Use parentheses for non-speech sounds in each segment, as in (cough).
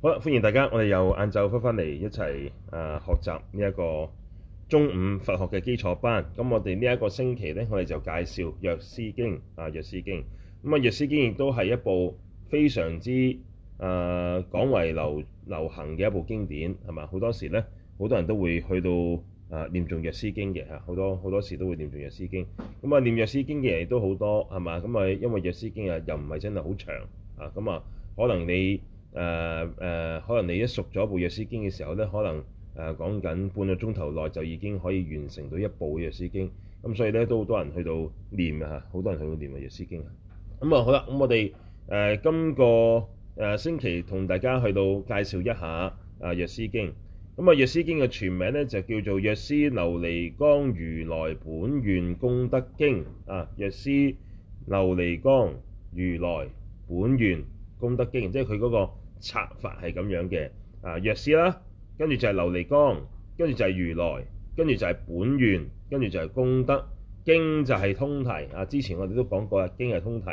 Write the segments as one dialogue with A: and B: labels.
A: 好啦，歡迎大家！我哋又晏晝翻翻嚟一齊啊、呃，學習呢一個中午佛學嘅基礎班。咁我哋呢一個星期咧，我哋就介紹《藥師經》啊，《藥師經》咁啊、嗯，《藥師經》亦都係一部非常之啊廣為流流行嘅一部經典，係嘛？好多時咧，好多人都會去到啊念誦《藥師經》嘅嚇，好多好多時都會念誦《藥師經》。咁、嗯、啊，念《藥師經》嘅人亦都好多，係嘛？咁啊，因為《藥師經》啊又唔係真係好長啊，咁、嗯、啊可能你。誒誒、呃呃，可能你一熟咗部《藥師經》嘅時候咧，可能誒、呃、講緊半個鐘頭內就已經可以完成到一部《藥師經》嗯。咁所以咧都好多人去到念嘅嚇，好多人去到唸《藥師經》嗯。咁啊好啦，咁、嗯、我哋誒、呃、今個誒、呃、星期同大家去到介紹一下啊、嗯《藥師經》。咁啊《藥師經》嘅全名咧就叫做《藥師琉璃光如來本願功德經》啊，《藥師琉璃光如來本願》。功德經，即係佢嗰個策法係咁樣嘅啊，藥師啦，跟住就係琉璃光，跟住就係如來，跟住就係本願，跟住就係功德經就係通題啊！之前我哋都講過啦，經係通題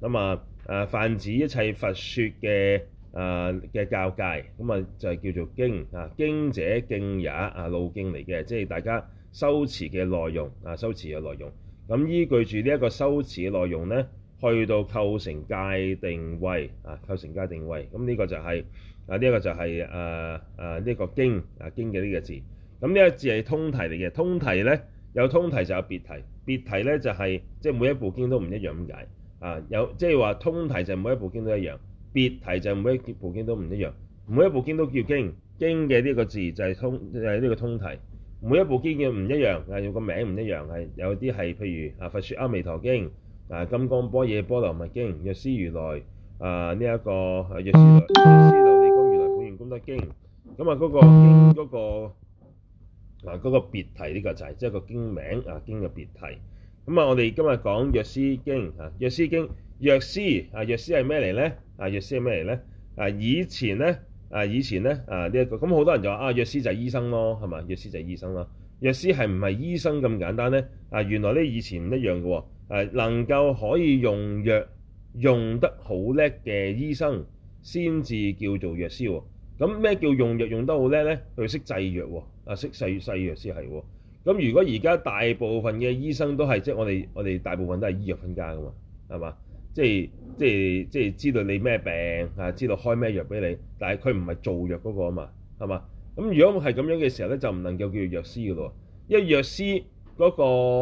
A: 咁啊誒、啊，泛指一切佛説嘅誒嘅教戒，咁啊就係叫做經啊，經者徑也啊，路徑嚟嘅，即係大家修持嘅內容啊，修持嘅內容咁、啊、依據住呢一個修持嘅內容咧。去到構成界定位啊，構成界定位咁呢、嗯這個就係、是、啊呢個就係誒誒呢個經啊經嘅呢個字，咁、嗯、呢、這個字係通題嚟嘅，通題咧有通題就有別題，別題咧就係、是、即係每一部經都唔一樣咁解啊，有即係話通題就每一部經都一樣，別題就每一部經都唔一樣，每一部經都叫經，經嘅呢個字就係通就係、是、呢個通題，每一部經嘅唔一樣啊，用個名唔一樣係有啲係譬如啊《佛說阿彌陀經》。剛波波啊！金剛般若波羅蜜經，藥師如來啊，呢、那、一個藥師藥師琉璃光如來本願功德經。咁啊，嗰個經嗰個啊，嗰個別題呢個就係即係個經名啊，經嘅別題。咁啊，我哋今日講藥師經啊，藥師經，藥師啊，藥師係咩嚟咧？啊，藥師係咩嚟咧？啊，以前咧啊，以前咧啊，呢、這個咁好多人就話啊，藥師就係醫生咯，係嘛？藥師就係醫生咯。藥師係唔係醫生咁簡單咧？啊，原來呢以前唔一樣嘅。誒，能夠可以用藥用得好叻嘅醫生，先至叫做藥師喎。咁咩叫用藥用得好叻咧？佢識製藥喎，啊，識製藥先係喎。咁如果而家大部分嘅醫生都係即係我哋我哋大部分都係醫藥分家嘅嘛，係嘛？即係即係即係知道你咩病啊，知道開咩藥俾你，但係佢唔係做藥嗰個啊嘛，係嘛？咁如果係咁樣嘅時候咧，就唔能夠叫做藥師嘅咯。因為藥師嗰、那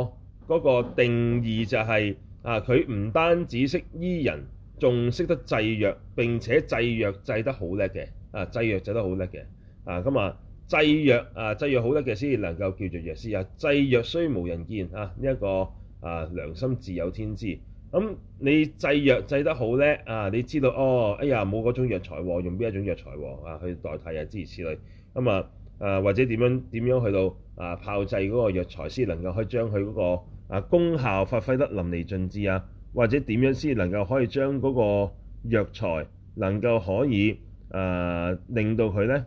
A: 個。嗰個定義就係啊，佢唔單止識醫人，仲識得製藥，並且製藥製得好叻嘅啊，製藥製得好叻嘅啊，咁啊，製藥啊，製藥好叻嘅先能夠叫做藥師啊。製藥雖無人見啊，呢一個啊良心自有天知。咁你製藥製得好叻啊，你知道哦，哎呀冇嗰種藥材喎，用邊一種藥材喎啊去代替啊諸如此類。咁啊啊或者點樣點樣去到啊炮製嗰個藥材先能夠去將佢嗰個啊，功效發揮得淋漓盡致啊，或者點樣先能夠可以將嗰個藥材能夠可以誒令到佢咧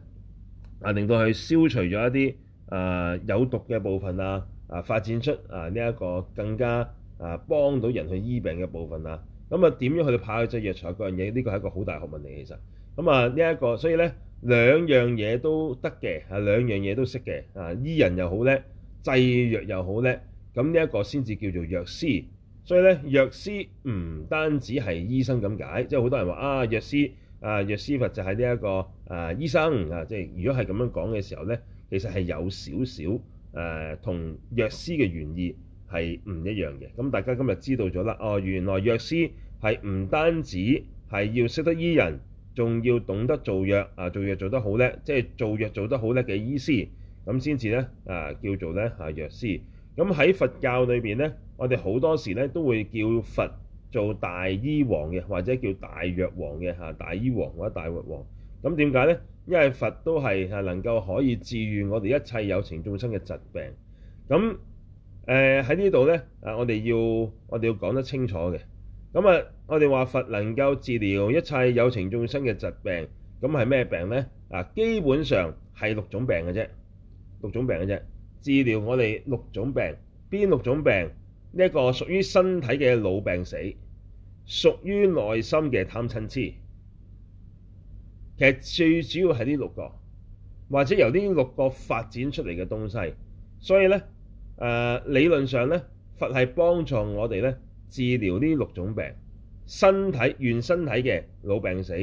A: 啊，令到佢消除咗一啲啊、呃、有毒嘅部分啊，啊發展出啊呢一個更加啊幫到人去醫病嘅部分啊。咁啊，點樣去跑去製藥材嗰樣嘢呢？個係一個好大學問嚟，其實咁啊呢一個，所以咧兩樣嘢都得嘅，係兩樣嘢都識嘅啊，醫人又好叻，製藥又好叻。咁呢一個先至叫做藥師，所以咧藥師唔單止係醫生咁解，即係好多人話啊，藥師啊，藥師佛就係呢一個啊醫生啊，即係如果係咁樣講嘅時候咧，其實係有少少誒同藥師嘅原意係唔一樣嘅。咁大家今日知道咗啦，哦，原來藥師係唔單止係要識得醫人，仲要懂得做藥啊，做藥做得好叻，即係做藥做得好叻嘅醫師咁先至咧啊，叫做咧啊藥師。咁喺佛教裏面咧，我哋好多時咧都會叫佛做大醫王嘅，或者叫大藥王嘅嚇，大醫王或者大藥王。咁點解咧？因為佛都係能夠可以治愈我哋一切有情眾生嘅疾病。咁誒喺呢度咧啊，我哋要我哋要講得清楚嘅。咁啊，我哋話佛能夠治療一切有情眾生嘅疾病，咁係咩病咧？啊，基本上係六種病嘅啫，六種病嘅啫。治療我哋六種病，邊六種病？呢一個屬於身體嘅老病死，屬於內心嘅貪嗔痴。其實最主要係呢六個，或者由呢六個發展出嚟嘅東西。所以呢，誒，呃，理論上呢，佛係幫助我哋呢治療呢六種病，身體原身體嘅老病死，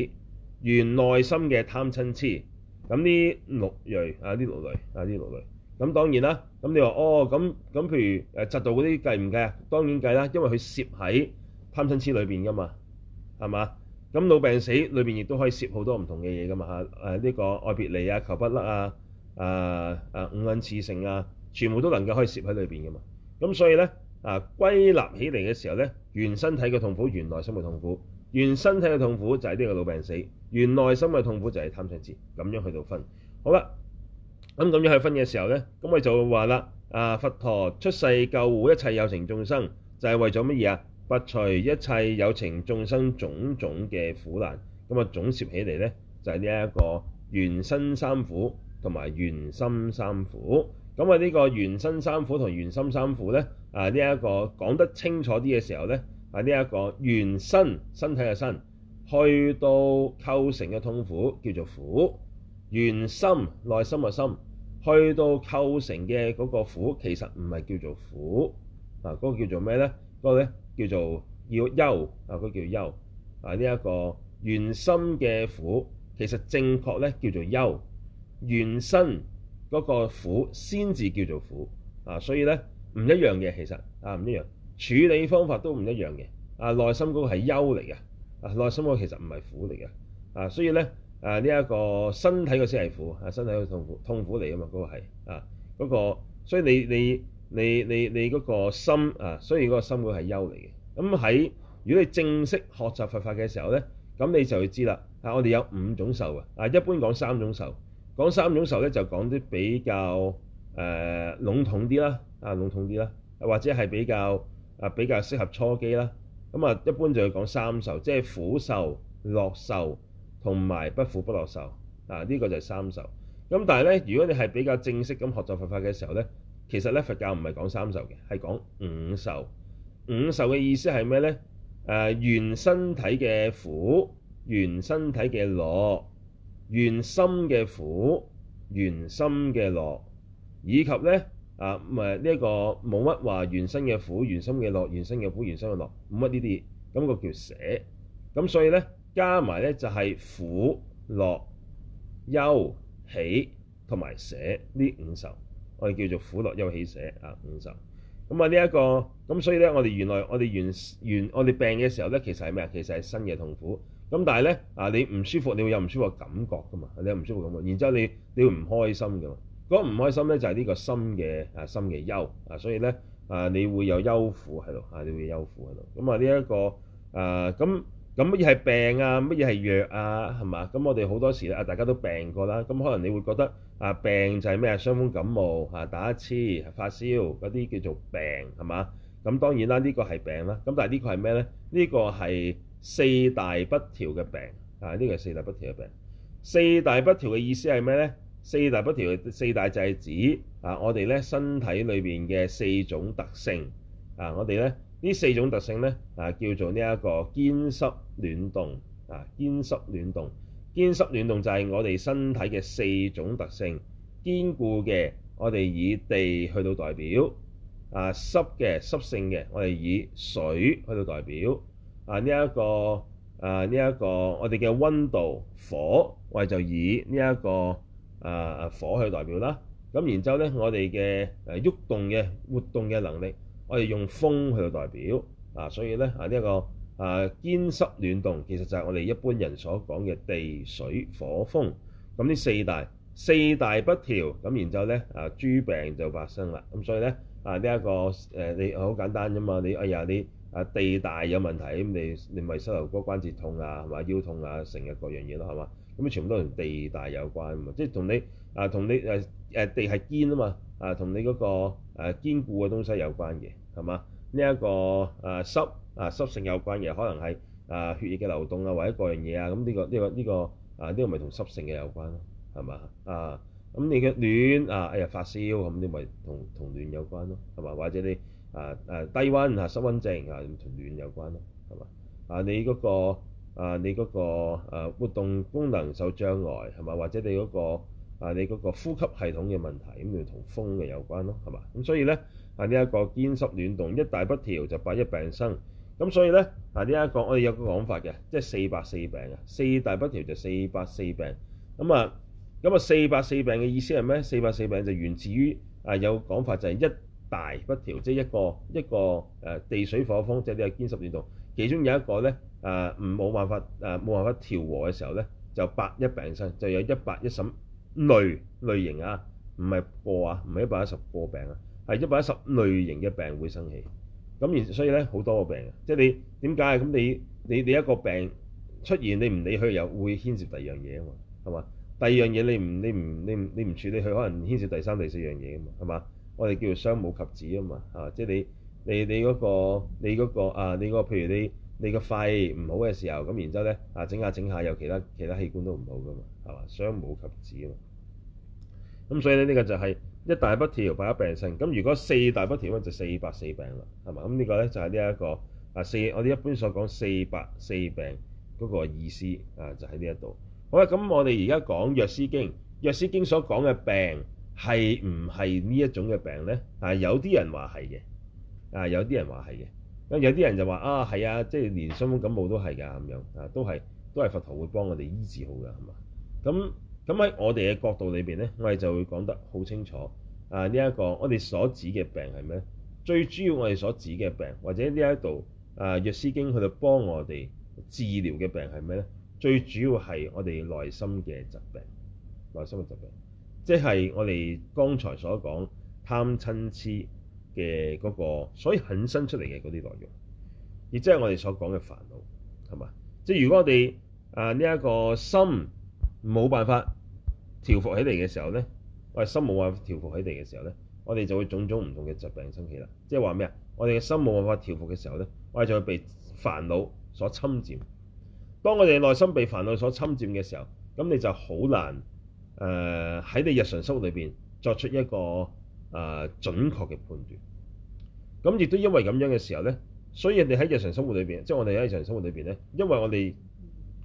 A: 原內心嘅貪嗔痴。咁呢六類啊，呢六類啊，呢六類。啊咁當然啦，咁你話哦，咁咁譬如誒嫉妒嗰啲計唔計啊？當然計啦，因為佢攝喺貪嗔痴裏面噶嘛，係嘛？咁老病死裏面亦都可以攝好多唔同嘅嘢噶嘛嚇、啊呢個愛別離啊、求不得啊、啊啊五陰熾盛啊，全部都能夠可以攝喺裏面噶嘛。咁所以咧啊，歸納起嚟嘅時候咧，原身體嘅痛苦，原內心嘅痛苦，原身體嘅痛苦就係呢個老病死，原內心嘅痛苦就係貪嗔痴，咁樣去到分，好啦。咁咁樣去分嘅時候呢，咁我就就話啦，啊佛陀出世救護一切有情眾生，就係為咗乜嘢啊？拔除一切有情眾生種種嘅苦難。咁啊，總攝起嚟呢，就係呢一個原身三苦同埋原心三苦。咁啊，呢個原身三苦同原心三苦呢，啊呢一個講得清楚啲嘅時候呢，啊呢一個原身身體嘅身，去到構成嘅痛苦叫做苦。原心、內心嘅心，去到構成嘅嗰個苦，其實唔係叫做苦啊，嗰個叫做咩呢？嗰個咧叫做要憂啊，嗰個叫憂啊。呢一個原心嘅苦，其實正確呢叫做憂，原身嗰個苦先至叫做苦啊，所以呢，唔一樣嘅，其實啊唔一樣，處理方法都唔一樣嘅。啊，內心嗰個係憂嚟嘅，啊內心嗰個其實唔係苦嚟嘅，啊所以呢。啊！呢、這、一個身體嘅死係苦，啊身體嘅痛苦痛苦嚟嘅嘛，嗰個係啊嗰、嗰個，所以你你你你你嗰個心啊，所以嗰個心會係憂嚟嘅。咁喺如果你正式學習佛法嘅時候咧，咁你就會知啦。啊，我哋有五種受嘅，啊一般講三種受，講三種受咧就講啲比較誒、呃、籠統啲啦，啊籠統啲啦，或者係比較啊比較適合初機啦。咁啊，一般就要講三受，即係苦受、樂受。同埋不苦不樂受，啊呢、這個就係三受。咁但係咧，如果你係比較正式咁學習佛法嘅時候咧，其實咧佛教唔係講三受嘅，係講五受。五受嘅意思係咩咧？誒、呃，原身體嘅苦，原身體嘅樂，原心嘅苦，原心嘅樂，以及咧啊唔係呢一個冇乜話原身嘅苦，原心嘅樂，原身嘅苦，原心嘅樂，冇乜呢啲，咁、那個叫捨。咁所以咧。加埋咧就係苦、樂、憂、喜同埋捨呢五受，我哋叫做苦、樂、憂、喜、捨啊五受。咁啊呢一個咁，所以咧我哋原來我哋原原我哋病嘅時候咧，其實係咩啊？其實係心嘅痛苦。咁但係咧啊，你唔舒服，你會有唔舒服嘅感覺噶嘛？你有唔舒服感覺，然之後你會你會唔開心噶嘛？嗰唔開心咧就係呢個心嘅啊心嘅憂啊，所以咧啊，你會有憂苦喺度，嚇你會有憂苦喺度。咁啊呢一個啊咁。咁乜嘢係病啊？乜嘢係藥啊？係嘛？咁我哋好多時啊大家都病過啦。咁可能你會覺得啊，病就係咩啊？傷風感冒啊，打一黐發燒嗰啲叫做病係嘛？咁當然啦，呢個係病啦。咁但係呢個係咩咧？呢個係四大不調嘅病啊！呢個係四大不調嘅病。四大不調嘅意思係咩咧？四大不調嘅四大就係指啊，我哋咧身體裏邊嘅四種特性啊，我哋咧。呢四種特性咧啊，叫做呢一個堅濕暖動啊，堅濕暖動，堅濕暖動就係我哋身體嘅四種特性。堅固嘅，我哋以地去到代表啊；濕嘅、濕性嘅，我哋以水去到代表啊。呢一個啊，呢一個我哋嘅溫度火，我哋就以呢一個啊火去代表啦。咁然之後咧，我哋嘅誒喐動嘅活動嘅能力，我哋用風去代表啊，所以咧、這個、啊呢一個啊堅濕暖動，其實就係我哋一般人所講嘅地水火風咁，呢四大，四大不調，咁然之後咧啊諸病就發生啦。咁所以咧啊呢一、這個誒、呃、你好簡單啫嘛，你哎呀你啊地大有問題，咁你你咪膝頭哥關節痛啊，同埋腰痛啊，成日各樣嘢咯，係嘛？咁全部都同地大有關啊嘛，即係同你啊同你誒誒、啊、地係堅啊嘛。跟那個、啊，同你嗰個誒堅固嘅東西有關嘅，係嘛？呢、這、一個誒、啊、濕啊濕性有關嘅，可能係、啊、血液嘅流動啊，或者各樣嘢啊，咁呢、這個呢個呢個啊呢個咪同濕性嘅有關咯，係、這、嘛、個？啊，咁、這個啊、你嘅暖啊，哎呀發燒咁，你咪同同暖有關咯，係嘛？或者你啊誒啊低溫啊濕溫症啊同暖有關咯，係嘛、那個？啊你嗰、那個啊你嗰個活動功能受障礙係嘛？或者你嗰、那個。啊！你嗰個呼吸系統嘅問題咁就同風嘅有關咯，係嘛咁？所以咧啊，呢、這、一個堅濕暖動一大不調就百一病生咁。所以咧啊，呢、這個、一個我哋有個講法嘅，即、就、係、是、四百四病啊，四大不調就四百四病咁啊。咁啊，四百四病嘅意思係咩？四百四病就源自於啊，有講法就係一大不調，即、就、係、是、一個一個誒地水火風即係呢個堅濕暖動，其中有一個咧啊，唔冇辦法誒冇、啊、辦法調和嘅時候咧，就百一病生，就有一百一十。類類型啊，唔係個啊，唔係一百一十個病啊，係一百一十類型嘅病會生氣。咁然所以咧，好多個病啊，即係你點解？咁你你你一個病出現你唔，你唔理佢又會牽涉第二樣嘢啊嘛，係嘛？第二樣嘢你唔你唔你唔你唔處理佢，可能牽涉第三第四樣嘢啊嘛，係嘛？我哋叫做傷無及止啊嘛，啊即係你你你嗰個你嗰個啊你個譬如你，你個肺唔好嘅時候，咁然之後咧啊，整下整下，有其他其他器官都唔好噶嘛，係嘛？傷冇及止啊嘛。咁所以咧，呢個就係一大不調百一病生。咁如果四大不調咧，就四百四病啦，係嘛？咁呢個咧就係呢一個啊四，我哋一般所講四百四病嗰個意思啊，就喺呢一度。好啦，咁我哋而家講《藥師經》，《藥師經》所講嘅病係唔係呢一種嘅病咧？有啲人話係嘅，啊，有啲人話係嘅。咁有啲人就話啊，係啊，即係連傷風感冒都係㗎咁樣，啊都係都係佛陀會幫我哋醫治好㗎，係嘛？咁咁喺我哋嘅角度裏邊咧，我哋就會講得好清楚。啊，呢一個我哋所指嘅病係咩？最主要我哋所指嘅病，或者呢一度啊，《藥師經》佢就幫我哋治療嘅病係咩咧？最主要係我哋內心嘅疾病，內心嘅疾病，即係我哋剛才所講貪嗔痴。嘅嗰個，所以衍生出嚟嘅嗰啲內容，亦即係我哋所講嘅煩惱，係嘛？即係如果我哋啊呢一個心冇辦法調伏起嚟嘅時候咧，我哋心冇辦法調伏起嚟嘅時候咧，我哋就會種種唔同嘅疾病生起啦。即係話咩啊？我哋嘅心冇辦法調伏嘅時候咧，我哋就會被煩惱所侵佔。當我哋內心被煩惱所侵佔嘅時候，咁你就好難誒喺、呃、你日常生活裏邊作出一個。啊！準確嘅判斷，咁亦都因為咁樣嘅時候咧，所以人哋喺日常生活裏邊，即係我哋喺日常生活裏邊咧，因為我哋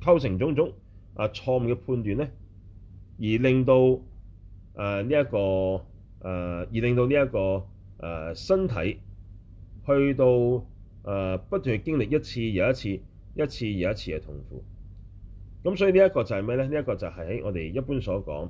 A: 構成種種啊錯誤嘅判斷咧，而令到啊呢一個啊而令到呢一個啊身體去到啊不斷去經歷一次又一次、一次又一次嘅痛苦。咁所以呢一個就係咩咧？呢一個就係喺我哋一般所講。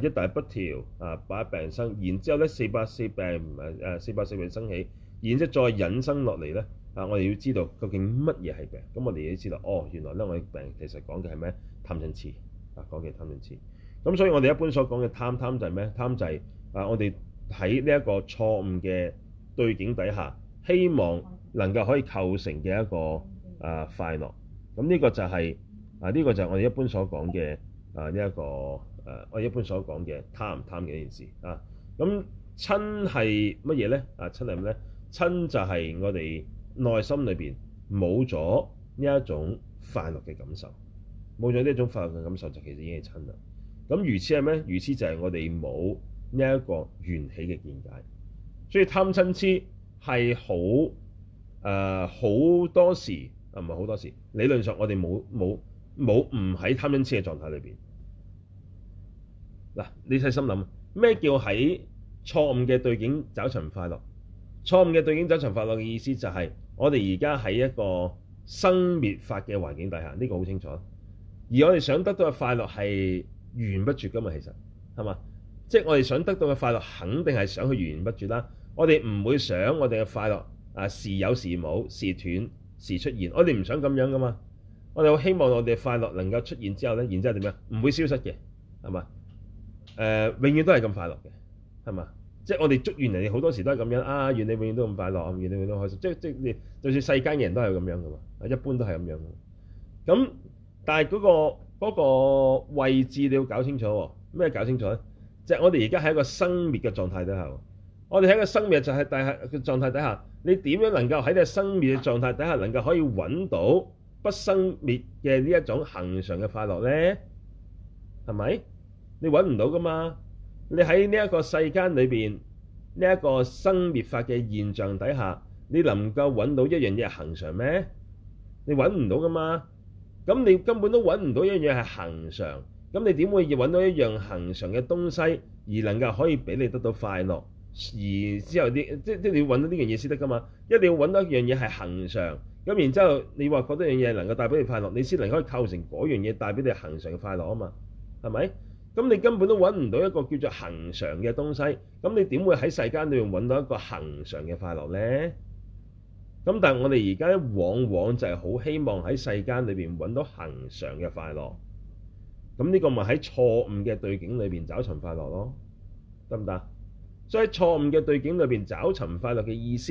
A: 一大不調啊，百一病生，然之後咧四百四病唔係、啊、四百四病生起，然之後再引生落嚟咧啊，我哋要知道究竟乜嘢係病，咁我哋要知道哦，原來咧我哋病其實講嘅係咩貪嗔痴啊，講嘅貪嗔痴，咁所以我哋一般所講嘅貪貪就係咩貪就係、是、啊，我哋喺呢一個錯誤嘅對境底下，希望能夠可以構成嘅一個啊快樂，咁呢個就係、是、啊呢、這個就係我哋一般所講嘅。啊！呢、這、一個我、啊、一般所講嘅貪唔貪嘅呢件事啊，咁親係乜嘢咧？啊，親係咩咧？親就係我哋內心裏面冇咗呢一種快樂嘅感受，冇咗呢一種快樂嘅感受，就其實已經係親啦。咁愚痴係咩？愚痴就係我哋冇呢一個緣起嘅見解，所以貪親痴係好誒、啊、好多時啊，唔係好多時。理論上我哋冇冇。冇唔喺貪嗔痴嘅狀態裏邊。嗱，你細心諗，咩叫喺錯誤嘅對境找尋快樂？錯誤嘅對境找尋快樂嘅意思就係我哋而家喺一個生滅法嘅環境底下，呢個好清楚。而我哋想得到嘅快樂係源源不絕噶嘛，其實係嘛？即係我哋想得到嘅快樂，肯定係想去源源不絕啦。我哋唔會想我哋嘅快樂啊時有時冇，時斷時出現。我哋唔想咁樣噶嘛。我哋好希望我哋快樂能夠出現之後咧，然之後點樣唔會消失嘅係嘛？誒、呃，永遠都係咁快樂嘅係嘛？即係我哋祝願人哋好多時都係咁樣啊！願你永遠都咁快樂，願你永遠都開心。即即係就算世間嘅人都係咁樣嘅嘛，一般都係咁樣嘅。咁但係、嗰、嗰、嗰個位置你要搞清楚，咩搞清楚？即、就、係、係、我哋而家喺一個生滅嘅狀態底下，我哋喺一個生滅就係大下嘅狀態底下，你點樣能夠喺你生滅嘅狀態底下，能夠可以揾到？不生滅嘅呢一種恒常嘅快樂呢，係咪？你揾唔到噶嘛？你喺呢一個世間裏邊，呢一個生滅法嘅現象底下，你能夠揾到一樣嘢恒常咩？你揾唔到噶嘛？咁你根本都揾唔到一樣嘢係恒常，咁你點會揾到一樣恒常嘅東西而能夠可以俾你得到快樂？而之後啲即即係你要揾到呢樣嘢先得噶嘛，一定要揾到一樣嘢係恒常，咁然之後你話覺得樣嘢能夠帶俾你快樂，你先能夠構成嗰樣嘢帶俾你恒常嘅快樂啊嘛，係咪？咁你根本都揾唔到一個叫做恒常嘅東西，咁你點會喺世間裏邊揾到一個恒常嘅快樂咧？咁但係我哋而家往往就係好希望喺世間裏邊揾到恒常嘅快樂，咁呢個咪喺錯誤嘅對境裏邊找尋快樂咯，得唔得？所以錯誤嘅對境裏邊找尋快樂嘅意思，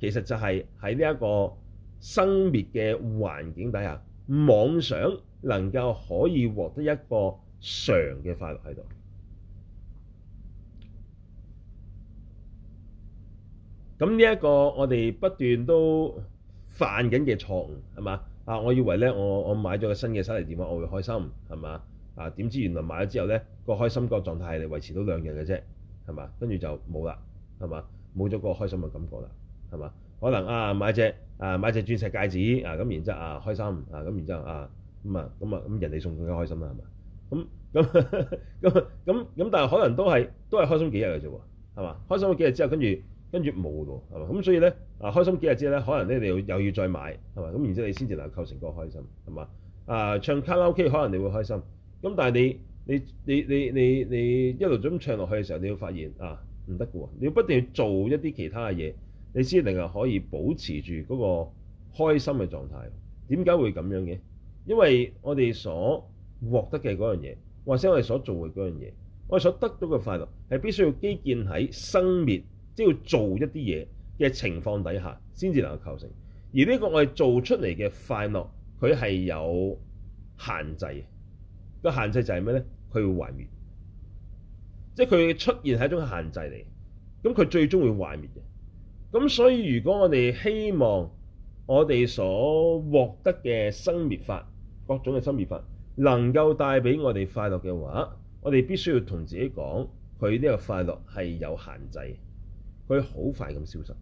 A: 其實就係喺呢一個生滅嘅環境底下，妄想能夠可以獲得一個常嘅快樂喺度。咁呢一個我哋不斷都犯緊嘅錯誤係嘛？啊，我以為呢，我我買咗個新嘅手提電話，我會開心係嘛？啊，點知原來買咗之後呢，個開心個狀態係維持到兩日嘅啫。係嘛？跟住就冇啦，係嘛？冇咗個開心嘅感覺啦，係嘛？可能啊買隻啊買隻鑽石戒指啊咁，然之後啊開心啊咁，然之後啊咁啊咁啊咁、啊啊啊啊啊、人哋送更加開心啦，係嘛？咁咁咁咁咁，但係可能都係都係開心幾日嘅啫喎，係嘛？開心咗幾日之後，跟住跟住冇喎，係嘛？咁所以咧啊開心幾日之後咧，可能咧你又又要再買，係嘛？咁然之後你先至能夠構成個開心，係嘛？啊唱卡拉 OK 可能你會開心，咁但係你。你你你你你一路咁唱落去嘅時候，你會發現啊，唔得嘅喎！你要不斷做一啲其他嘅嘢，你先能夠可以保持住嗰個開心嘅狀態。點解會咁樣嘅？因為我哋所獲得嘅嗰樣嘢，或者我哋所做嘅嗰樣嘢，我哋所得到嘅快樂係必須要基建喺生滅，即係要做一啲嘢嘅情況底下，先至能夠構成。而呢個我哋做出嚟嘅快樂，佢係有限制嘅。個限制就係咩咧？佢會壞滅，即係佢出現係一種限制嚟。咁佢最終會壞滅嘅。咁所以，如果我哋希望我哋所獲得嘅生滅法、各種嘅生滅法能夠帶俾我哋快樂嘅話，我哋必須要同自己講，佢呢個快樂係有限制，佢好快咁消失。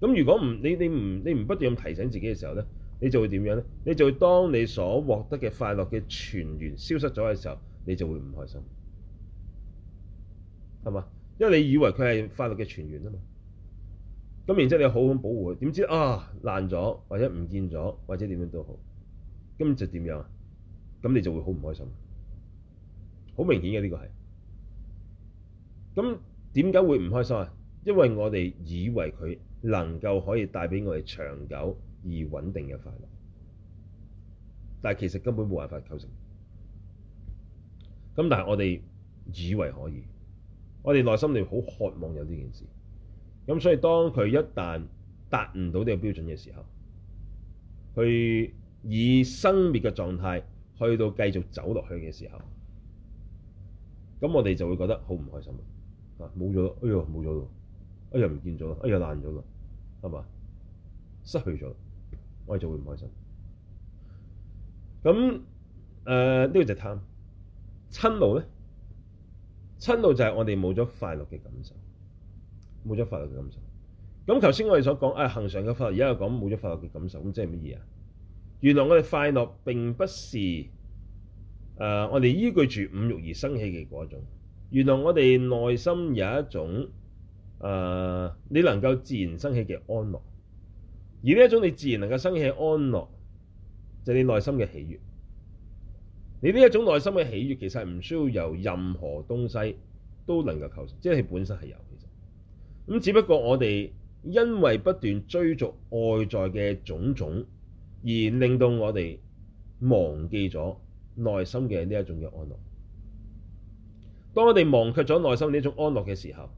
A: 咁如果唔你你唔你唔不斷咁提醒自己嘅時候呢，你就會點樣呢？你就會當你所獲得嘅快樂嘅泉源消失咗嘅時候。你就會唔開心，係嘛？因為你以為佢係快樂嘅泉源啊嘛，咁然之後你好好保護佢，點知啊爛咗，或者唔見咗，或者點樣都好，根本就點樣？咁你就會好唔開心，好明顯嘅呢個係。咁點解會唔開心啊？因為我哋以為佢能夠可以帶俾我哋長久而穩定嘅快樂，但係其實根本冇辦法構成。咁但係我哋以為可以，我哋內心裏好渴望有呢件事，咁所以當佢一旦達唔到呢個標準嘅時候，去以生滅嘅狀態去到繼續走落去嘅時候，咁我哋就會覺得好唔開心啊！冇咗喇，哎喲冇咗喇，哎呀唔見咗喇，哎呀爛咗喇，係嘛、哎哎？失去咗，我哋就會唔開心。咁誒，呢、呃這個就貪。瞋怒咧，瞋怒就係我哋冇咗快樂嘅感受，冇咗快樂嘅感受。咁頭先我哋所講，啊恒常嘅快樂，而家又講冇咗快樂嘅感受，咁即係乜嘢啊？原來我哋快樂並不是，誒、呃、我哋依據住五欲而生起嘅嗰種。原來我哋內心有一種，誒、呃、你能夠自然生起嘅安樂，而呢一種你自然能夠生起嘅安樂，就係、是、你內心嘅喜悅。你呢一種內心嘅喜悅，其實係唔需要由任何東西都能夠構成，即係本身係有。其實，咁只不過我哋因為不斷追逐外在嘅種種，而令到我哋忘記咗內心嘅呢一種嘅安樂。當我哋忘卻咗內心呢一種安樂嘅時候，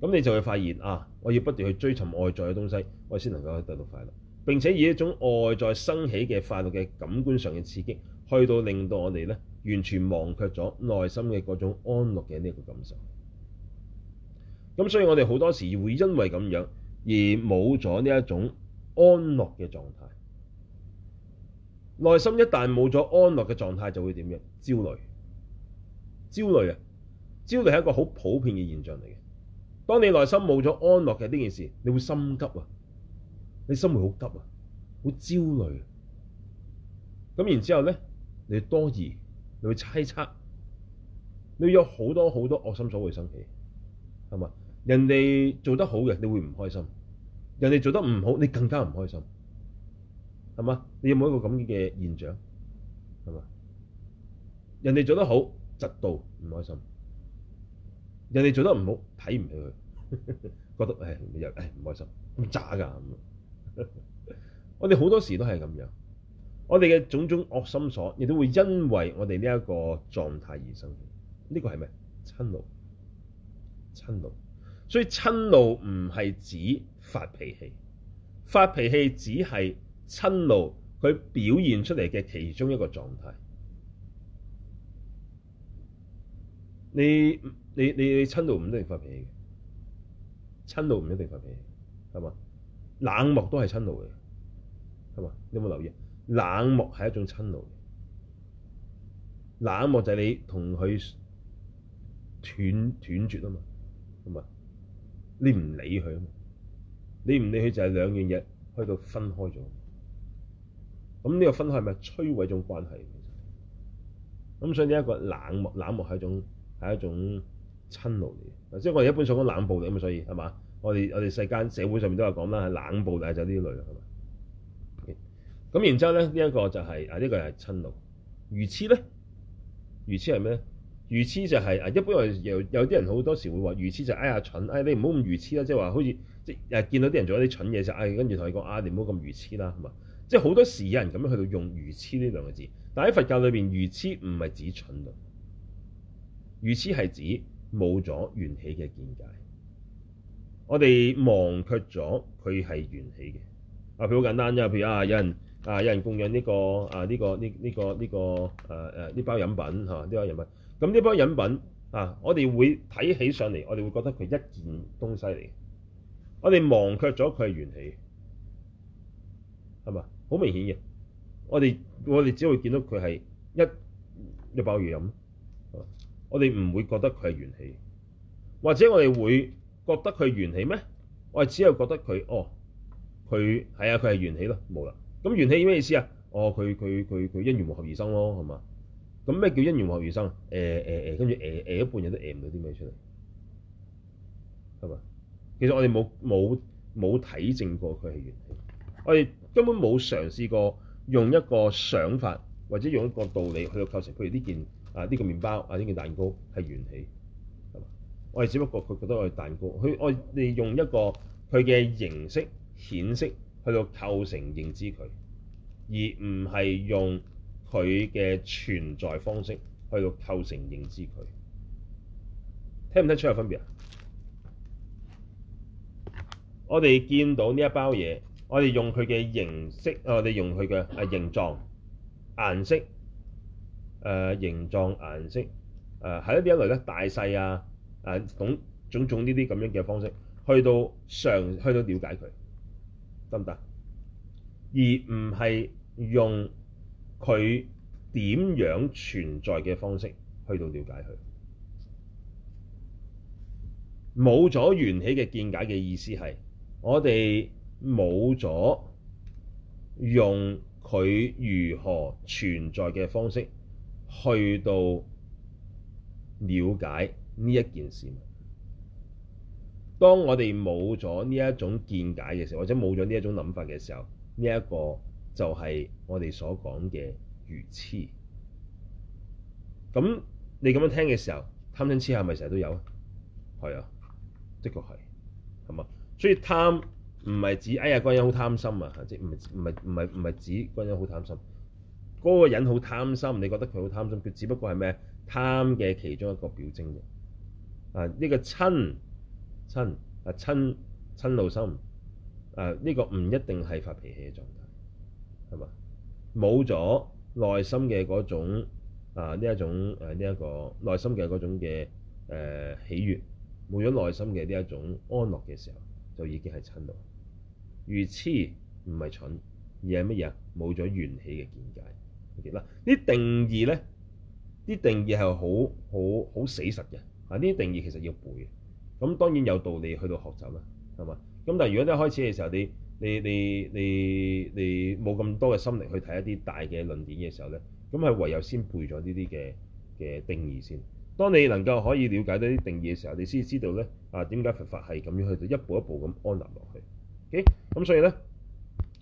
A: 咁你就會發現啊，我要不斷去追尋外在嘅東西，我先能夠得到快樂。並且以一種外在生起嘅快樂嘅感官上嘅刺激。去到令到我哋咧完全忘卻咗內心嘅嗰種安樂嘅呢一個感受。咁所以，我哋好多時會因為咁樣而冇咗呢一種安樂嘅狀態。內心一旦冇咗安樂嘅狀態，就會點樣？焦慮，焦慮啊！焦慮係一個好普遍嘅現象嚟嘅。當你內心冇咗安樂嘅呢件事，你會心急啊，你心會好急啊，好焦慮啊。咁然之後咧？你多疑，你會猜測，你要有好多好多惡心所會生起，係嘛？人哋做得好嘅，你會唔開心；人哋做得唔好，你更加唔開心，係嘛？你有冇一個咁嘅現象？係嘛？人哋做得好，嫉妒唔開心；人哋做得唔好，睇唔起佢，覺得誒你又誒唔開心，咁渣噶咁，我哋好多時都係咁樣。我哋嘅種種惡心所，亦都會因為我哋呢一個狀態而生。呢個係咩？嗔怒，嗔怒。所以嗔怒唔係指發脾氣，發脾氣只係嗔怒佢表現出嚟嘅其中一個狀態。你你你你嗔怒唔一定發脾氣嘅，嗔怒唔一定發脾氣，係嘛？冷漠都係嗔怒嘅，係嘛？你有冇留意？冷漠係一種瞋怒，冷漠就係你同佢斷斷絕啊嘛，咁啊，你唔理佢啊嘛，你唔理佢就係兩樣嘢去到分開咗，咁呢個分開係咪摧毀一種關係？咁所以呢一個冷漠，冷漠係一種係一種瞋怒。嚟，即係我哋一般想講冷暴力咁啊，所以係嘛，我哋我哋世間社會上面都有講啦，冷暴力就呢、係、類啊。咁然之後咧，呢、這、一個就係、是、啊，呢、這個係瞋怒。愚痴咧，愚痴係咩咧？愚痴就係、是、啊，一般有有啲人好多時會話愚痴就是、哎呀蠢，哎你唔好咁愚痴啦，即係話好似即係見到人做咗啲蠢嘢就哎跟住同佢講啊，你唔好咁愚痴啦，係嘛？即係好多時有人咁樣去到用愚痴呢兩個字，但係喺佛教裏面，愚痴唔係指蠢咯，愚痴係指冇咗緣起嘅見解。我哋忘卻咗佢係緣起嘅啊，譬如好簡單啫，譬如啊有人。啊！有人供養呢個啊，呢個呢呢個呢個誒誒呢包飲品嚇，呢包飲品，咁呢包飲品啊，我哋會睇起上嚟，我哋會覺得佢一件東西嚟。我哋忘卻咗佢係緣起，係咪好明顯嘅？我哋我哋只會見到佢係一一包嘢飲，我哋唔會覺得佢係緣起，或者我哋會覺得佢係緣起咩？我哋只有覺得佢哦，佢係啊，佢係緣起咯，冇啦。咁緣起咩意思啊？哦，佢佢佢佢因緣和合而生咯，係嘛？咁咩叫因緣和合而生？誒、呃、誒、呃呃、跟住誒誒一半天都誒唔到啲咩出嚟，係嘛？其實我哋冇冇冇體證過佢係緣起，我哋根本冇嘗試過用一個想法或者用一個道理去到構成，譬如呢件啊呢、呢個麵包啊呢件蛋糕係緣起，係嘛？我哋只不過佢覺得我哋係蛋糕，佢我哋用一個佢嘅形式顯色。去到構成認知佢，而唔係用佢嘅存在方式去到構成認知佢。聽唔聽出有分別啊？我哋見到呢一包嘢，我哋用佢嘅形式，我哋用佢嘅啊形狀、顏色、誒、呃、形狀、顏色，誒係一啲一類咧，大細啊，誒、啊、總種，種種呢啲咁樣嘅方式，去到上去到了解佢。得唔得？而唔係用佢點樣存在嘅方式去到了解佢，冇咗緣起嘅見解嘅意思係，我哋冇咗用佢如何存在嘅方式去到了解呢一件事。當我哋冇咗呢一種見解嘅時候，或者冇咗呢一種諗法嘅時候，呢一個就係我哋所講嘅愚痴。咁你咁樣聽嘅時候，貪嗔痴係咪成日都有啊？係啊，的確係係嘛。所以貪唔係指哎呀，君欣好貪心啊，即唔係唔係唔係唔係指君欣好貪心。嗰個人好貪心，你覺得佢好貪心，佢只不過係咩貪嘅其中一個表徵啫。啊，呢個親。瞋，瞋，瞋怒啊，瞋瞋怒心啊，呢個唔一定係發脾氣嘅狀態，係嘛？冇咗內心嘅嗰種啊，呢一種誒呢、啊、一個、啊、內心嘅嗰種嘅誒、呃、喜悅，冇咗內心嘅呢一種安樂嘅時候，就已經係瞋怒。愚痴唔係蠢，而係乜嘢啊？冇咗緣起嘅見解。嗱，啲定義咧，啲定義係好好好死實嘅啊！啲定義其實要背嘅咁當然有道理去到學習啦，係嘛？咁但係如果你一開始嘅時候，你你你你你冇咁多嘅心力去睇一啲大嘅論點嘅時候咧，咁係唯有先背咗呢啲嘅嘅定義先。當你能夠可以了解到啲定義嘅時候，你先知道咧啊點解佛法係咁樣去到一步一步咁安立落去。咁、okay? 所以咧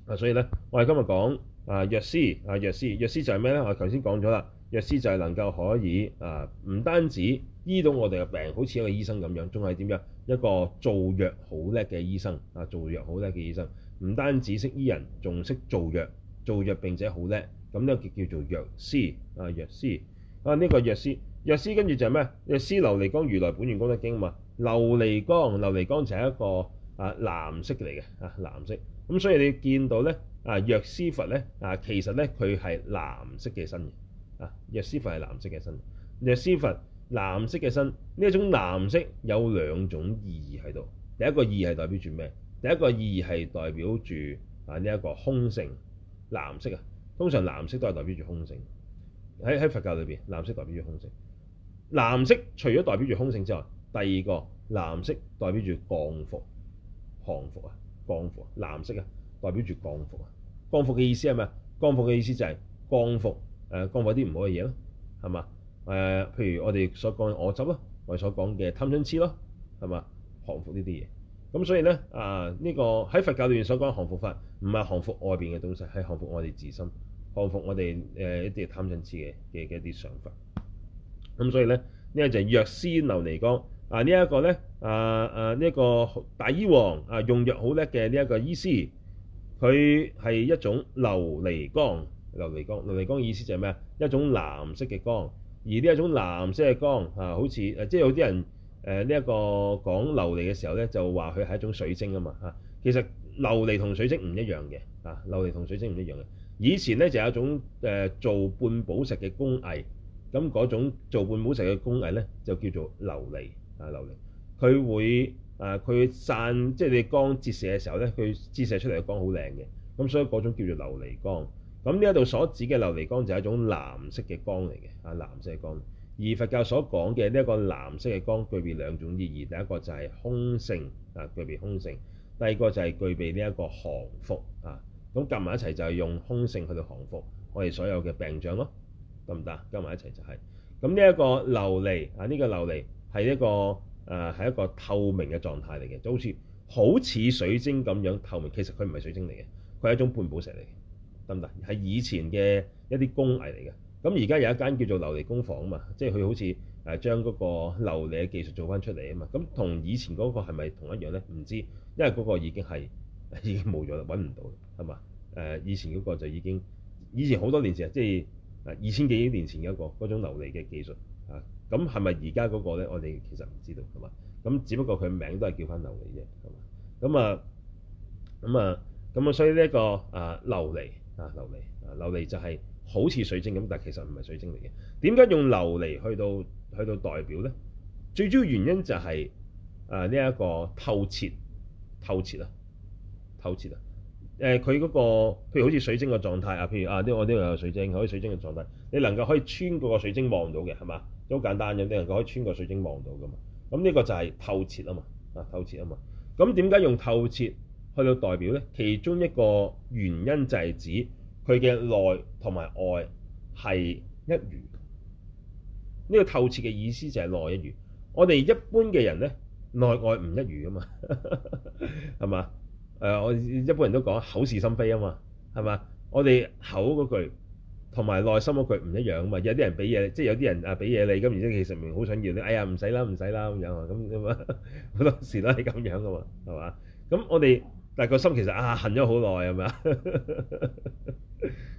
A: 啊，所以咧，我哋今日講。啊，藥師啊，藥師，藥師就係咩咧？我頭先講咗啦，藥師就係能夠可以啊，唔單止醫到我哋嘅病，好似一個醫生咁樣，仲係點樣一個做藥好叻嘅醫生啊，做藥好叻嘅醫生，唔單止識醫人，仲識做藥，做藥並且好叻，咁呢個叫做藥師啊，藥師啊，呢個藥師，藥師跟住就係咩？藥師琉璃光如來本願功德經啊嘛，琉璃光，琉璃光就係一個。啊，藍色嚟嘅啊，藍色咁，所以你見到咧啊，藥師佛咧啊，其實咧佢係藍色嘅身嘅啊。藥師佛係藍色嘅身，藥師佛藍色嘅身呢，一種藍色有兩種意義喺度。第一個意義係代表住咩？第一個意義係代表住啊，呢一個空性藍色啊，通常藍色都係代表住空性喺喺佛教裏邊，藍色代表住空性。藍色除咗代表住空性之外，第二個藍色代表住降伏。降伏啊，降伏、啊，藍色啊，代表住降伏啊。降伏嘅意思係咩啊？降伏嘅意思就係降伏，誒、呃、降伏啲唔好嘅嘢咯，係嘛？誒、呃，譬如我哋所講嘅我執咯，我哋所講嘅貪嗔痴咯，係嘛？降伏呢啲嘢。咁所以咧，啊、呃、呢、這個喺佛教裡面所講降伏法，唔係降伏外邊嘅東西，係降伏我哋自身，降伏我哋誒、呃、一啲貪嗔痴嘅嘅一啲想法。咁所以咧，呢、這個就係藥師琉璃光。啊！這個、呢一個咧，啊啊呢一、這個大醫王啊，用藥好叻嘅呢一個醫師，佢係一種琉璃光。琉璃光，琉璃光意思就係咩啊？一種藍色嘅光。而呢一種藍色嘅光啊，好似誒、啊，即係有啲人誒呢一個講琉璃嘅時候咧，就話佢係一種水晶的嘛啊嘛嚇。其實琉璃同水晶唔一樣嘅啊，琉璃同水晶唔一樣嘅。以前咧就有、是、一種誒、啊、做半寶石嘅工藝，咁嗰種做半寶石嘅工藝咧就叫做琉璃。啊！琉璃佢會啊，佢散即係你光折射嘅時候咧，佢折射出嚟嘅光好靚嘅。咁所以嗰種叫做琉璃光。咁呢一度所指嘅琉璃光就係一種藍色嘅光嚟嘅啊，藍色嘅光。而佛教所講嘅呢一個藍色嘅光，具備兩種意義。第一個就係空性啊，具備空性；第二個就係具備呢一個降伏啊。咁夾埋一齊就係用空性去到降伏我哋所有嘅病障咯，得唔得？夾埋一齊就係咁呢一個琉璃啊，呢、呢個琉璃。係一個誒，係、呃、一個透明嘅狀態嚟嘅，就好似好似水晶咁樣透明。其實佢唔係水晶嚟嘅，佢係一種半寶石嚟嘅，得唔得？係以前嘅一啲工藝嚟嘅。咁而家有一間叫做琉璃工房啊嘛，即係佢好似誒將嗰個琉璃嘅技術做翻出嚟啊嘛。咁同以前嗰個係咪同一樣咧？唔知道，因為嗰個已經係已經冇咗啦，揾唔到啦，係嘛？誒、呃，以前嗰個就已經以前好多年前，即係誒二千幾年前嘅一、嗰個嗰種琉璃嘅技術啊。咁係咪而家嗰個咧？我哋其實唔知道㗎嘛。咁只不過佢名都係叫翻琉璃啫。咁啊，咁啊，咁啊，所以呢、這、一個啊琉璃啊琉璃啊琉璃就係好似水晶咁，但係其實唔係水晶嚟嘅。點解用琉璃去到去到代表咧？最主要原因就係呢一個透徹透徹啊透徹啊。誒佢嗰個，譬如好似水晶嘅狀態啊，譬如啊呢我呢度有水晶，可以水晶嘅狀態，你能夠可以穿過個水晶望到嘅，係嘛？都好簡單，有啲能夠可以穿過水晶望到噶嘛？咁呢個就係透徹啊嘛，啊透徹啊嘛。咁點解用透徹去到代表咧？其中一個原因就係指佢嘅內同埋外係一如。呢個透徹嘅意思就係內一如。我哋一般嘅人咧，內外唔一如啊嘛，係嘛？是誒、呃，我一般人都講口是心非啊嘛，係嘛？我哋口嗰句同埋內心嗰句唔一樣啊嘛。有啲人俾嘢，即係有啲人啊俾嘢你，咁而家其實唔係好想要咧。哎呀，唔使啦，唔使啦咁樣啊，咁咁啊，好多時都係咁樣噶嘛，係嘛？咁我哋但係個心其實啊恨咗好耐啊嘛。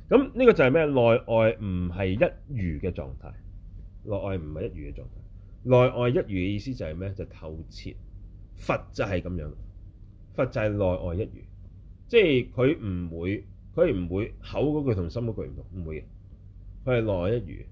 A: 咁 (laughs) 呢個就係咩？內外唔係一如嘅狀態，內外唔係一如嘅狀態。內外一如嘅意思就係咩？就是、透徹。佛就係咁樣。佛就係內外一如，即係佢唔會，佢唔會口嗰句同心嗰句唔同，唔會嘅。佢係內外一如，呢、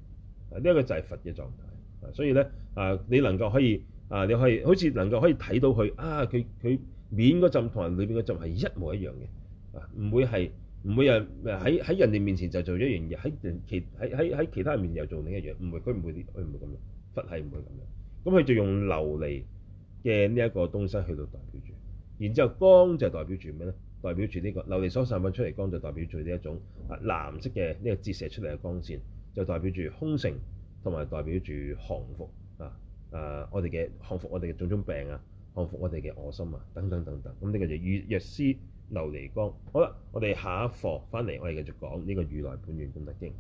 A: 啊、一、這個就係佛嘅狀態。啊、所以咧，啊，你能夠可以啊，你可以好似能夠可以睇到佢啊，佢佢面嗰陣同埋裏邊嗰陣係一模一樣嘅，唔、啊、會係唔會在在人喺喺人哋面前就做一樣嘢，喺其喺喺喺其他人面前又做另一樣，唔會，佢唔會，佢唔會咁樣，佛係唔會咁樣。咁佢就用琉璃嘅呢一個東西去到代表住。然之後光就代表住咩咧？代表住呢個琉璃所散發出嚟光就代表住呢一種啊藍色嘅呢、這個折射出嚟嘅光線，就代表住空性同埋代表住降伏啊誒、呃、我哋嘅降伏我哋嘅種種病啊，降伏我哋嘅惡心啊等等等等。咁呢個就藥藥師琉璃光。好啦，我哋下一課翻嚟，我哋繼續講呢、這個如來本願功德經。